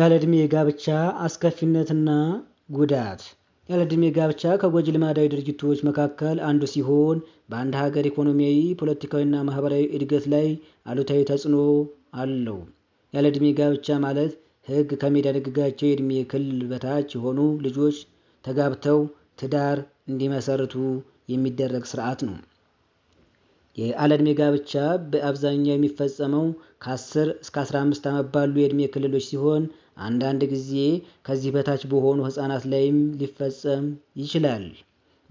ያለ ዕድሜ ጋብቻ አስከፊነትና ጉዳት ያለ ዕድሜ ጋብቻ ከጎጂ ልማዳዊ ድርጊቶች መካከል አንዱ ሲሆን በአንድ ሀገር ኢኮኖሚያዊ፣ ፖለቲካዊና ማህበራዊ እድገት ላይ አሉታዊ ተጽዕኖ አለው። ያለ ዕድሜ ጋብቻ ማለት ሕግ ከሚደነግጋቸው የዕድሜ ክልል በታች የሆኑ ልጆች ተጋብተው ትዳር እንዲመሰርቱ የሚደረግ ስርዓት ነው። ያለ ዕድሜ ጋብቻ በአብዛኛው የሚፈጸመው ከ10 እስከ 15 ዓመት ባሉ የዕድሜ ክልሎች ሲሆን አንዳንድ ጊዜ ከዚህ በታች በሆኑ ህጻናት ላይም ሊፈጸም ይችላል።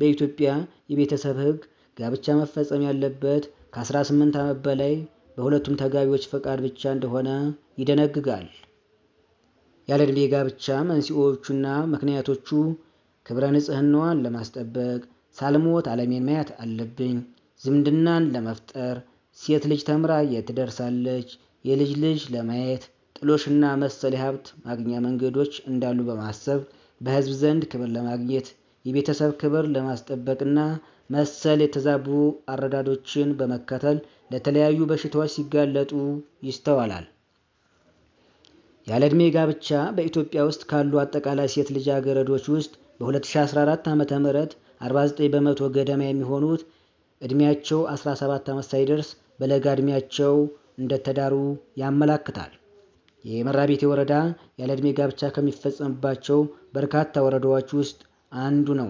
በኢትዮጵያ የቤተሰብ ህግ ጋብቻ መፈጸም ያለበት ከ18 ዓመት በላይ በሁለቱም ተጋቢዎች ፈቃድ ብቻ እንደሆነ ይደነግጋል። ያለ ዕድሜ ጋብቻ መንስኤዎቹና ምክንያቶቹ ክብረ ንጽህናዋን ለማስጠበቅ ሳልሞት አለሜን ማየት አለብኝ፣ ዝምድናን ለመፍጠር፣ ሴት ልጅ ተምራ የት ትደርሳለች፣ የልጅ ልጅ ለማየት ጥሎሽና መሰል የሀብት ማግኛ መንገዶች እንዳሉ በማሰብ በህዝብ ዘንድ ክብር ለማግኘት የቤተሰብ ክብር ለማስጠበቅና መሰል የተዛቡ አረዳዶችን በመከተል ለተለያዩ በሽታዎች ሲጋለጡ ይስተዋላል። ያለ ዕድሜ ጋብቻ በኢትዮጵያ ውስጥ ካሉ አጠቃላይ ሴት ልጃገረዶች ውስጥ በ2014 ዓ ም 49 በመቶ ገደማ የሚሆኑት ዕድሜያቸው 17 ዓመት ሳይደርስ በለጋ ዕድሜያቸው እንደተዳሩ ያመላክታል። የመራቤቴ ወረዳ ያለ ዕድሜ ጋብቻ ከሚፈጸምባቸው በርካታ ወረዳዎች ውስጥ አንዱ ነው።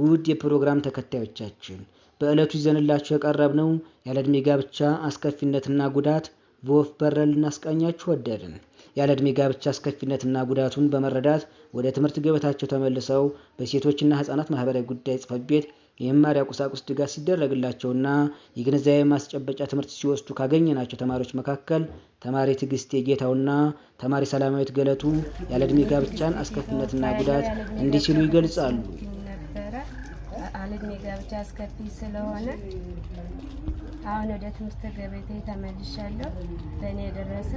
ውድ የፕሮግራም ተከታዮቻችን በዕለቱ ይዘንላችሁ የቀረብነው ያለ ዕድሜ ጋብቻ አስከፊነትና ጉዳት በወፍ በረር ልናስቃኛችሁ ወደድን። ያለ ዕድሜ ጋብቻ አስከፊነትና ጉዳቱን በመረዳት ወደ ትምህርት ገበታቸው ተመልሰው በሴቶችና ሕጻናት ማህበራዊ ጉዳይ ጽፈት ቤት የመማሪያ ቁሳቁስ ድጋፍ ሲደረግላቸውና የግንዛቤ ማስጨበጫ ትምህርት ሲወስዱ ካገኘናቸው ተማሪዎች መካከል ተማሪ ትዕግስት የጌታውና ተማሪ ሰላማዊት ገለቱ ያለ ያለዕድሜ ጋብቻን አስከፊነትና ጉዳት እንዲህ ሲሉ ይገልጻሉ። አለዕድሜ ጋብቻ አስከፊ ስለሆነ አሁን ወደ ትምህርት ገበቴ ተመልሻለሁ። በእኔ የደረሰ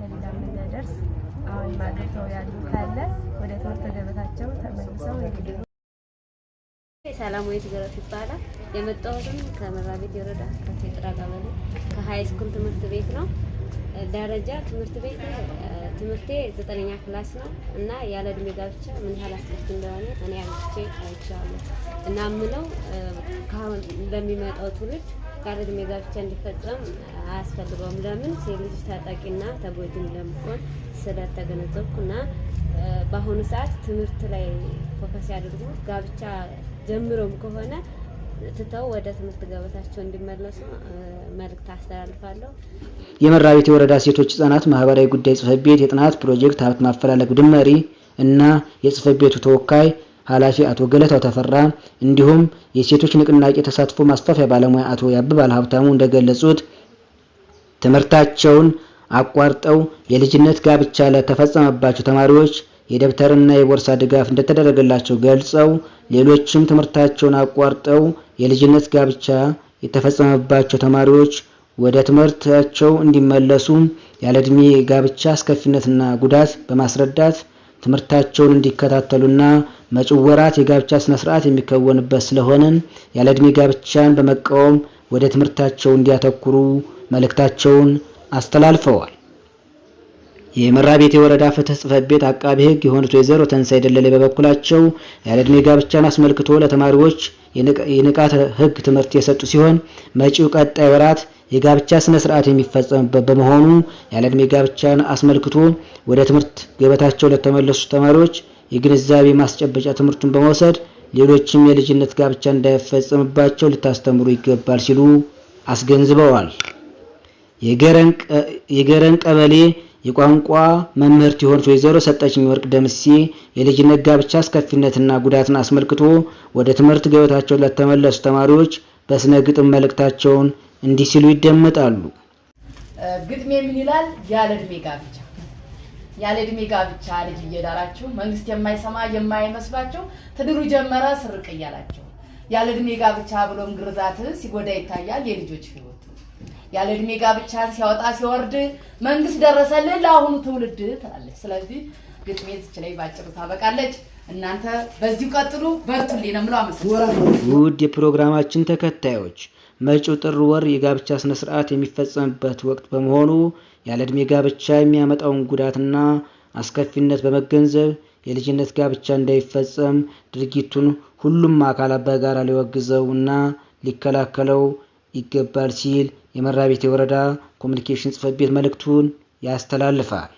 ለሌላም አሁን ማገተው ያሉ ካለ ወደ ትምህርት ገበታቸው ተመልሰው ሰላማዊት ገረፍ ይባላል። የመጣሁትም ከመራ ቤት ወረዳ ከቴጥራ ቀበሌ ከሀይ ስኩል ትምህርት ቤት ነው። ደረጃ ትምህርት ቤት ትምህርቴ ዘጠነኛ ክላስ ነው እና ያለ እድሜ ጋብቻ ምን ያህል አስከፊ እንደሆነ እኔ አግቼ አይቻለሁ እና ምነው ለሚመጣው ትውልድ በአካል እድሜ ጋብቻ እንዲፈጸም አያስፈልገውም። ለምን የልጅ ታጣቂና ተጎጂ ለመሆን ስለተገነዘብኩና በአሁኑ ሰዓት ትምህርት ላይ ፎከስ ያድርጉ። ጋብቻ ጀምሮም ከሆነ ትተው ወደ ትምህርት ገበታቸው እንዲመለሱ መልእክት አስተላልፋለሁ። የመራቤቴ ወረዳ ሴቶች ህጻናት ማህበራዊ ጉዳይ ጽህፈት ቤት የጥናት ፕሮጀክት ሀብት ማፈላለግ ድመሪ እና የጽህፈት ቤቱ ተወካይ ኃላፊ አቶ ገለታው ተፈራ እንዲሁም የሴቶች ንቅናቄ ተሳትፎ ማስፋፊያ ባለሙያ አቶ ያብባል ሀብታሙ እንደገለጹት ትምህርታቸውን አቋርጠው የልጅነት ጋብቻ ለተፈጸመባቸው ተማሪዎች የደብተርና የቦርሳ ድጋፍ እንደተደረገላቸው ገልጸው ሌሎችም ትምህርታቸውን አቋርጠው የልጅነት ጋብቻ የተፈጸመባቸው ተማሪዎች ወደ ትምህርታቸው እንዲመለሱ ያለ ጋብቻ አስከፊነትና ጉዳት በማስረዳት ትምህርታቸውን እንዲከታተሉና መጪው ወራት የጋብቻ ስነ ስርዓት የሚከወንበት ስለሆነ ያለ ዕድሜ ጋብቻን በመቃወም ወደ ትምህርታቸው እንዲያተኩሩ መልእክታቸውን አስተላልፈዋል። የመራቤቴ ወረዳ ፍትህ ጽህፈት ቤት አቃቢ ህግ የሆኑት ወይዘሮ ተንሳይ ደለሌ በበኩላቸው ያለ ዕድሜ ጋብቻን አስመልክቶ ለተማሪዎች የንቃተ ህግ ትምህርት የሰጡ ሲሆን መጪው ቀጣይ ወራት የጋብቻ ስነ ስርዓት የሚፈጸምበት በመሆኑ ያለ ዕድሜ ጋብቻን አስመልክቶ ወደ ትምህርት ገበታቸው ለተመለሱ ተማሪዎች የግንዛቤ ማስጨበጫ ትምህርቱን በመውሰድ ሌሎችም የልጅነት ጋብቻ እንዳይፈጸምባቸው ልታስተምሩ ይገባል ሲሉ አስገንዝበዋል። የገረን ቀበሌ የቋንቋ መምህርት የሆኑት ወይዘሮ ሰጠችኝ ወርቅ ደምሴ የልጅነት ጋብቻ አስከፊነትና ጉዳትን አስመልክቶ ወደ ትምህርት ገበታቸው ለተመለሱ ተማሪዎች በስነ ግጥም መልእክታቸውን እንዲህ ሲሉ ይደመጣሉ። ግጥሜ ምን ይላል? ያለ እድሜ ጋብቻ ያለ እድሜ ጋብቻ ልጅ እየዳራችሁ መንግስት የማይሰማ የማይመስላችሁ ትድሩ ጀመረ ስርቅ እያላችሁ ያለ እድሜ ጋብቻ ብሎም ግርዛት ሲጎዳ ይታያል የልጆች ህይወት። ያለ እድሜ ጋብቻ ሲያወጣ ሲወርድ መንግስት ደረሰልን ለአሁኑ ትውልድ ትላለች። ስለዚህ ግጥሜ ዝች ላይ ባጭሩ ታበቃለች። እናንተ በዚሁ ቀጥሉ፣ በርቱልኝ ነው የምለው። አመሰግናለሁ። ውድ የፕሮግራማችን ተከታዮች መጪው ጥር ወር የጋብቻ ስነ ስርዓት የሚፈጸምበት ወቅት በመሆኑ ያለ ጋብቻ የሚያመጣውን ጉዳትና አስከፊነት በመገንዘብ የልጅነት ጋብቻ እንዳይፈጸም ድርጊቱን ሁሉም አካላት በጋራ ሊወግዘው እና ሊከላከለው ይገባል ሲል የመራቤቴ ወረዳ ኮሚኒኬሽን ጽሕፈት ቤት መልእክቱን ያስተላልፋል።